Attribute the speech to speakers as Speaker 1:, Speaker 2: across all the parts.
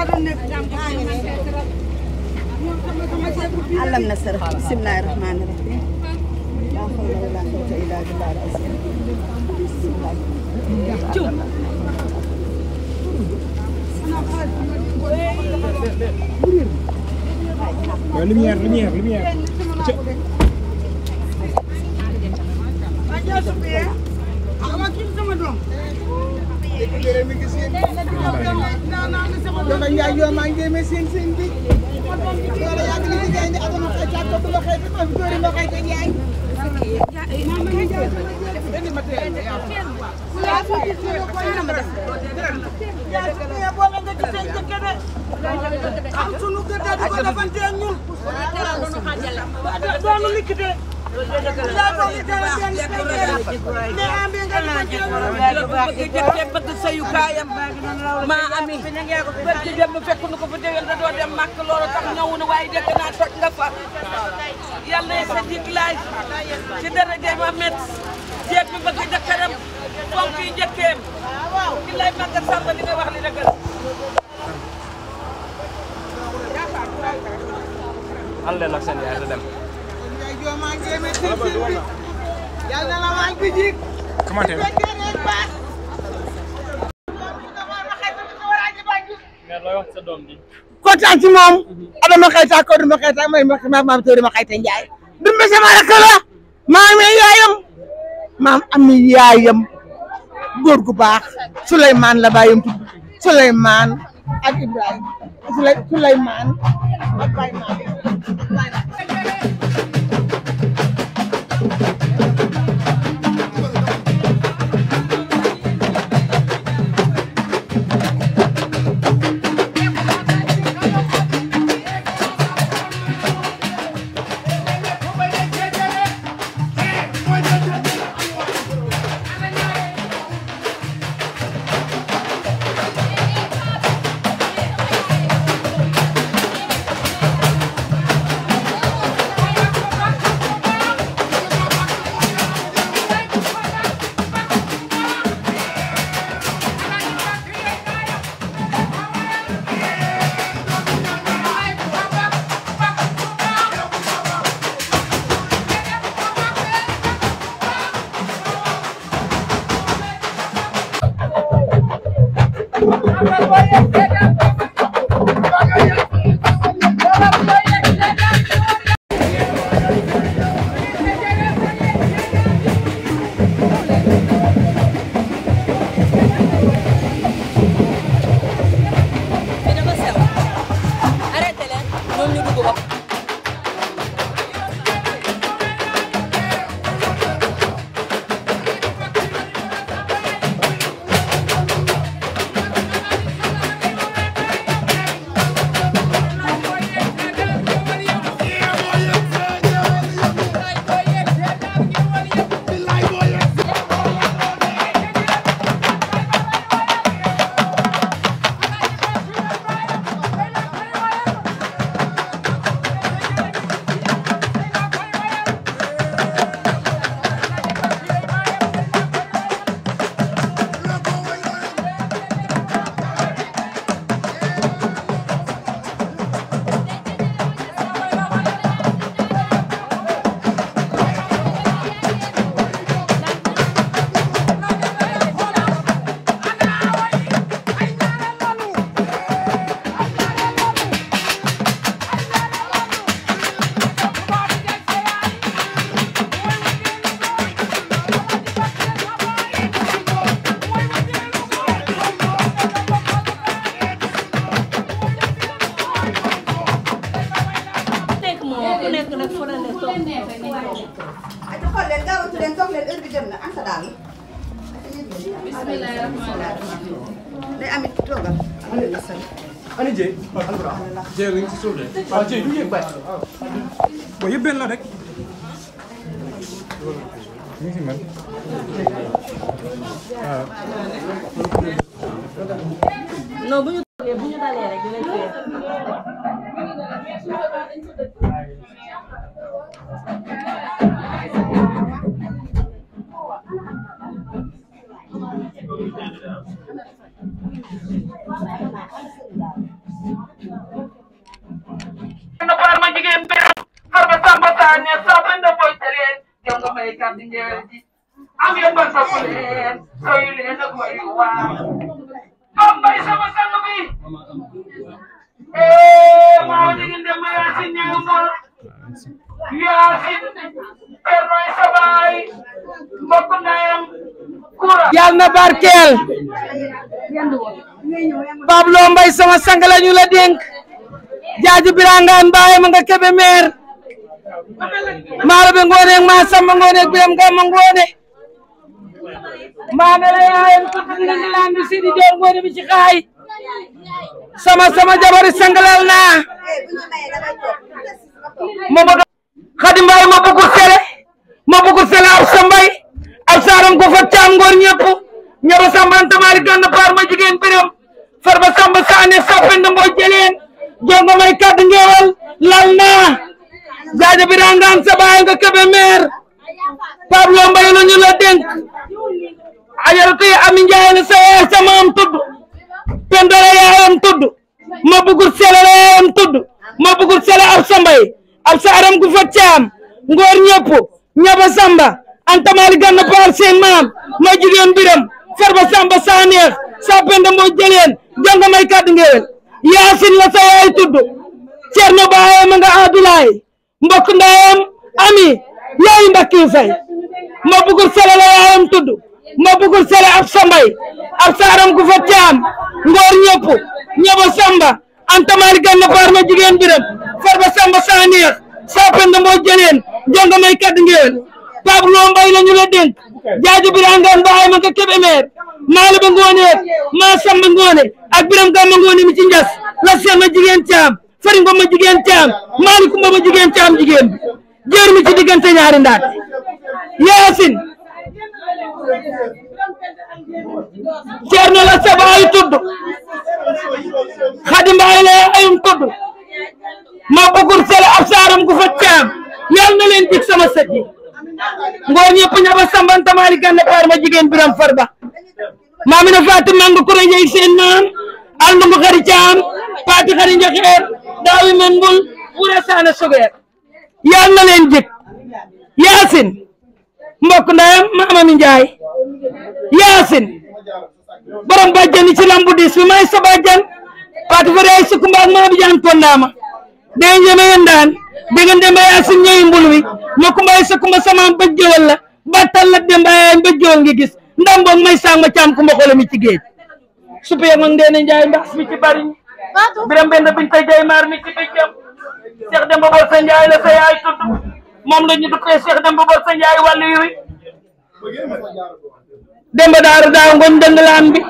Speaker 1: laa doon nekk alam na
Speaker 2: sër bismillahi rahmaani rahim laa xawla wa laa quwwata illaa billahi al-azim bismillahi lumière lumière lumière eh. sama doom dama njaay yoo maa ngi demee seen seen bi wala yaa ngi ci gaynde adama xëy ca ko dama xëy ma fi dóori ma xëy ca yaay
Speaker 1: xam sunu gëdd di ko defante ñun doonu liggéey
Speaker 2: bëgg
Speaker 1: sayu kaayam maa ami bëgg dem fekk nu ko fa déwén da doo dem màkk loolu tax ñëw na waaye dégg naa toj nga fa yàlla na a met jeet ki lay màgga sàmba da
Speaker 2: joomaa ngeen mel seen seen bi yal na la waaj bi jik commenté baax kontaan ci moom adama xayta ko duma xayta may ma maam tóori ma xayta njaay dumbe sama rakk la maam ay yaayam maam am na yaayam góor gu baax Souleymane la baayam tudd Souleymane ak Ibrahima Souleymane ak Baye Malick
Speaker 1: baal yi. day amit toogal.
Speaker 2: Aliou Dieng. Dieng mi ngi si suuf de. waaw Dieng du yëg bàyyi. waaw yëpp benn la rek. mi ngi si man.
Speaker 1: non bu ñu toogee bu ñu dalee rek dinañ yal na barkeel Pablo Mbaye sama sang la ñu jaaji birangaan baaye nga kebe meer maaro be ngoone ma samba ngoone biram ga ma ngoone maa nara yaayam ko dinga laandi sidi door ngoone bi xaay sama sama jabari sangalal naa ma bëgg xadi mbaay ma bëgg sele ma bëgg sele ab mbay Mor Saaram ko fa ngoor ñëpp ñëpp samba antamaari gànn paar ma jigéen biram farba samba saane sappend mboo jëleen jongo may kàddu ngeewal lal jaaja bi rangaan sa nga kebe meer Pablo Mbaye la la dénk ajaratu yi Ami Njaay gu fa ngoor ñëpp ñaba samba Anta Mali Gana Paar seen maam ma jur yoon biram Farba Samba Saneex saa penda moo jëleen jonga may kàddu Yaasin la sa yaay tudd Cerno baayam a nga Abdulaay mbokk ndayam ami yaay mbakki ma bugur sele la yaayam tudd ma bugur sele ab sambay ab saaram ku fa caam ngoor ñëpp ñëba samba Anta Mali Gana Paar ma jigéen biram Farba Samba Saneex saa penda moo jëleen jonga may kàddu Pape Lo Mbaye la ñu la dénk jaajo Birame Ngane Ba ay man ka Kébémer maa la ba ngoone maa samba ngoone ak mi ci njas la sama jigéen caam fari ngoma jigéen caam maali ma jigéen caam jigéen bi jéer mi ci diggante ñaari ndaat yaasin ceerno la saba ay tudd xadi mbaay la ayum tudd ma bëggul sele ab saaram gu fa caam yal na leen dig sama sët ngoor ñëpp ñaba samban tamaari gànna paar ma jigéen biram farba maami na faatu mangu kura yey seen naan andungu xari caam paati xari njaxeer daawi men mbul wura saana sogeer yal na leen jëkk yaasin mbokk ndayam maamami njaay yaasin borom bàjjani ci lambu dis may sa bàjjan paati fa rey sukku mbaag maa bi pondaama dee njeme yendaan diggante mbay ak si ñëy mbul wi ma kumba sa kumba samaam ba jëwal la battal la demba ay ba jëwal nga gis ndam boog may sang ma caam kumba xolam mi ci géej supee ma ndeena njaay ndax mi ci bari biram benn da tay jaay maar mi ci bëccam Cheikh Demba Bor sa la sa yaay tudd moom la ñu duppee Cheikh Demba Bor sa njaay wàllu wi demba daaru daaw ngoñ dëng laan bi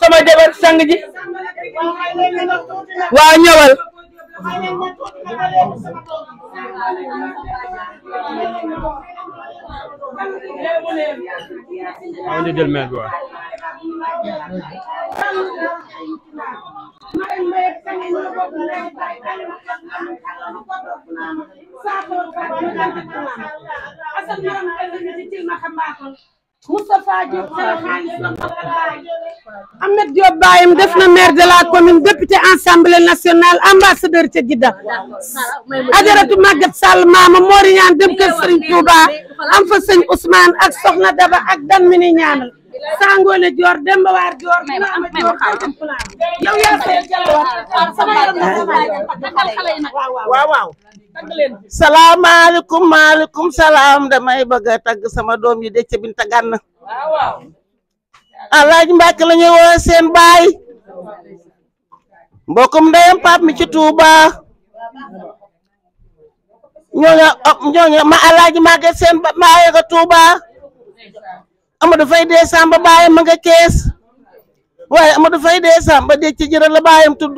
Speaker 2: sama jabar sang ji waa ñëwal
Speaker 1: maa ngi jël maire Moustapha Diop ah, ah, ah, Ahmed def na maire de la commune député assemblée nationale ambassadeur ca Gidda ajaratu Maguette Sall maama moori dem kër Serigne Touba am fa sëñ Ousmane ak soxna Daba ak dan sangoo ne joor Demba waar joor. may ma am may ma xaaral yow yaa fee waaw waaw.
Speaker 2: salaam damay bëgg a tagg sama doom yi dëcc bi ta gànn. Alaaji Mbàkke la ñuy seen baay. mbokkum ndeyam pap mi ci Touba. ñooñu oh, ñooñu ma Alaaji Mbàkke seen baay ga Touba. Amadou Faye dee Samba baayam a nga kees waaye Amadou Faye dee Samba dee ci jërë la baayam tudd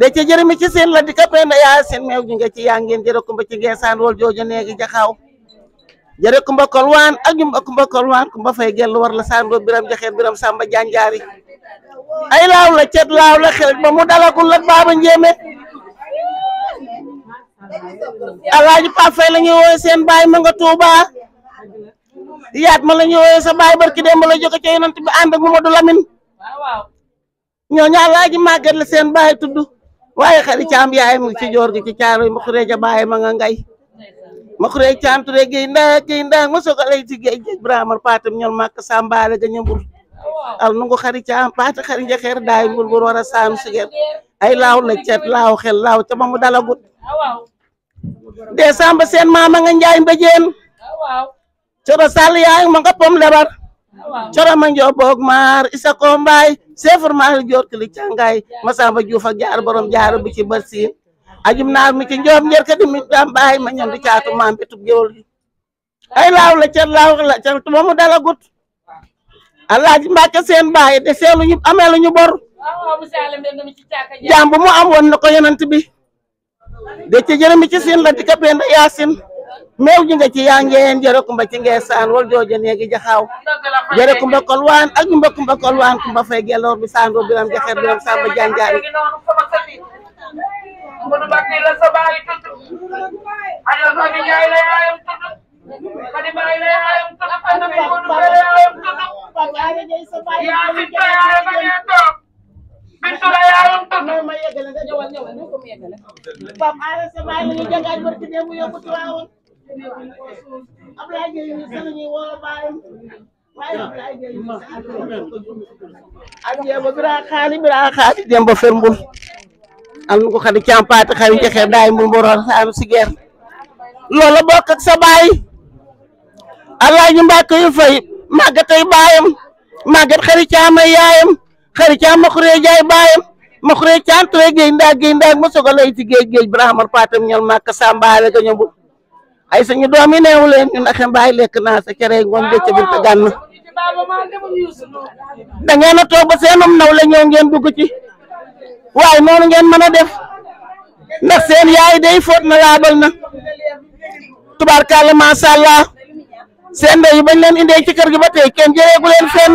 Speaker 2: dee ci jërë mi ci seen la di kappee na yaa seen meew ju nga ci yaa ngeen jërë kumba ci geesaan wol jooju neegi jaxaw jërë kumba kolwaan ak jumba kumba kolwaan kumba fay war la saan biram jaxeer biram Samba janjaari ay laaw la cet laaw la xel ba mu dalagul la baaba njéeme alaaji Pape Faye la ñuy woowe seen baay ma nga Tuubaa yaat ma la ñëwee sa baay barki démb la jóge ca yonent bi ànd ak Mamadou Lamine ñoo ñaar laa ji màgget la seen baay tudd waaye xari caam yaay mu ci joor gi ci caaro yi ma xuree ja baay ma nga ngay ma xuree caam turee géy ndaa géy ndaa ma soog a lay ci géej géej brahmar paatam ñol màkk ga ñëmbul al nungu xari caam paata xari njaxeer daay mbul bur war a saam sigeer ay laaw la cet laaw xel laaw ca ba mu dalagut décembre seen maama nga njaay mbëjeen coro sall yaay manga pom lebar coro ma njoboog maar isa ko mbaay seefur maal joor kili cangaay masamba juuf ak jaar borom jaar bu ci barsiin ajum naar mi ci njoob njerka di mi dam baay ma ñoom di caatu maam bi tub géwol gi ay laaw la cer laaw la cer tuba mu dala gut alaaji mbàkke seen baay de seelu ñu ameelu ñu bor
Speaker 1: jaam bu mu am woon
Speaker 2: na ko yonent de ci jërëmi ci siin la di ka yaasin meew ji nga ci yaa ngeen jërë kumba ci ngeesaan wal joojo neegi jaxaaw jërë kumba kolwaan ak ñu mba kumba kolwaan kumba fay geloor bi saandoo biram jaxeer biram samba janjaay Pam Aara sa Ablaye Gueye mi sax ñuy woo baayam waaye Ablaye Gueye mi sax adiya ba bira xaali bira xaali dem ba fermbul am ko xadi campaate xayu daay mbul mboroon saanu sigeer loola bokk ak sa baay Alaaji Mbàkke yu fay màggatay baayam màggat xari caama yaayam xari caama xuree jaay baayam ma xuree caan ture géej géej ndaa ma sogalay ci géej géej Birahmar Patam ñal màkk ay suñu doom yi neewu leen ñun ak mbaay lekk naa sa cere ngoon de ca bint gànn da ngeen a toog ba seenum naw la ñëw ngeen dugg ci waaye noonu ngeen mën a def ndax seen yaay day fóot na laabal na tubaarkàlla macha allah seen ndey yi bañ leen indee ci kër gi ba tey kenn jëreegu leen fenn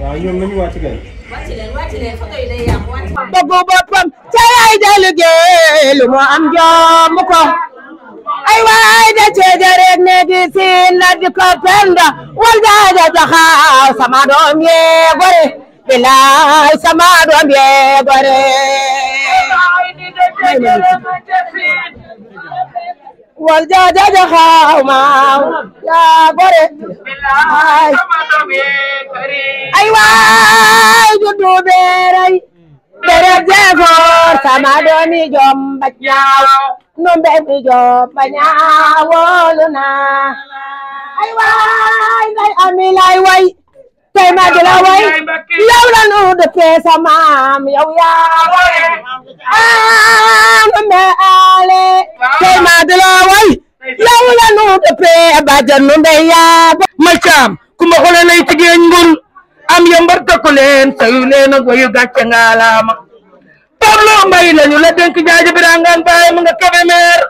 Speaker 2: waaw ñoom nañu wàcc kay.
Speaker 1: wàcc leen moo am jom ko ay waay da cee jëreet ne di siin la di penda wal daa da taxaw sama doom yee gore bilaay sama doom yee gore.
Speaker 2: wal jaaja jaxaaw maaw
Speaker 1: yaa gore ay waay juddu beeray deret jeegoor sama doomi jomba ñaaw numbe mi jomba ñaaw woolu naa ay waay ngay ami lay way tey maa ngi la way yow la nu dëkkee sa maam yaa way ame ale tey maa ngi way yow la nu dëkkee bàjjan nu yaa ma caam ku ma xoolee am yambar takku sayu leen ak wayu gàcce ngaalaama Pablo Mbaye lañu la dénk jaaja birangaan baay mu nga Kébémer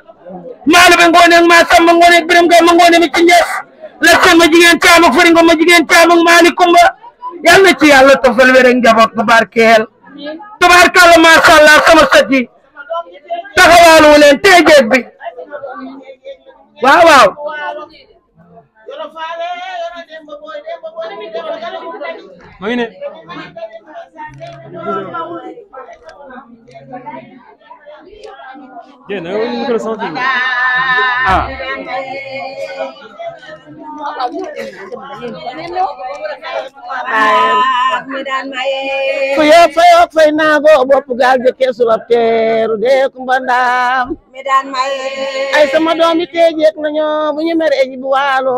Speaker 1: maalo be ngoone samba ngoone biram ga ma mi ci la sama jigéen caam ak fari ngoma jigéen caam ak maali kumba yal na ci yàlla tofal wér ak njaboot bu barkeel tabaarkàlla macha allah sama sët yi taxawaalu leen bi waaw ma ngi ne yéen da nga wut micro sant bi ah ku yëpp
Speaker 2: fay yëpp fay naa bo bopp gaal jëkkee su la teeru dee kumba ndaam
Speaker 1: ay sama doom yi
Speaker 2: tey jéeg nañu bu ñu mere eji bu waalo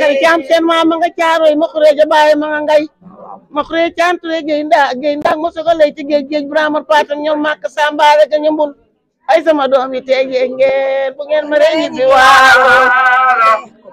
Speaker 2: kari caam seen maa ma nga caaroy ma xureeja baaye ma nga ngay ma xuree caam ture géy ndaa géy ndaa moso ko lay ci géej géej bramar paatam ñoom màkk sambaare ga ñëmbul ay sama doom yi tey ngeen bu ngeen mere eji bi waalo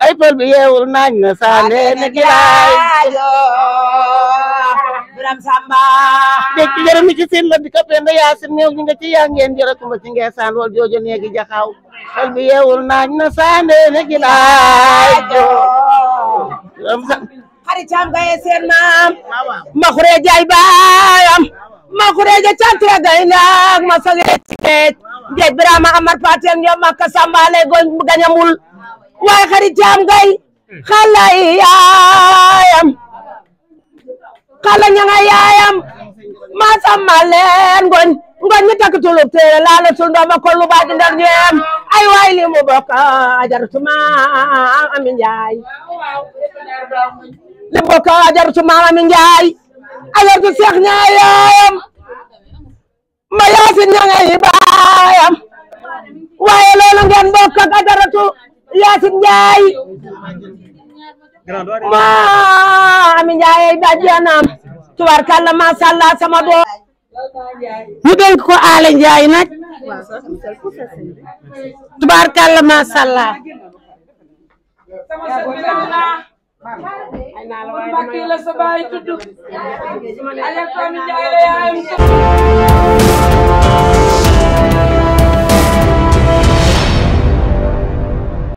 Speaker 2: ay pël bi yeewul nañ na saane ne gilaay
Speaker 1: biram samba
Speaker 2: dëkk ci sin la bi ka penda yaasin ñëw ñi nga ci yaa ngeen jërëtuma ci ngeesaan wal joojo neegi jaxaaw pël bi yeewul nañ na saane ne gilaay biram samba xari caam ma xureeja baayam
Speaker 1: ma xureeja cantre gay ma sange ci geej biram amar paten ñoom ma ka gañamul way xaritam gay xala yaayam xala ñanga yaayam ma sama leen ngoñ ngoñ ñu takk tulub téere laala tul ndooma kollu baa di ndar ay waay li mu bokk ajartuma ami njaay li bokk ajartuma ami njaay yaayam ma yaasin ñanga yi baayam waaye loolu ngeen bokk ajaratu Yaasin Njaay maa Ami Njaay bàjjanam tubarkalla ma sàlla sama doom ñu dénk ko Aale Njaay nag tubarkalla ma sàlla ay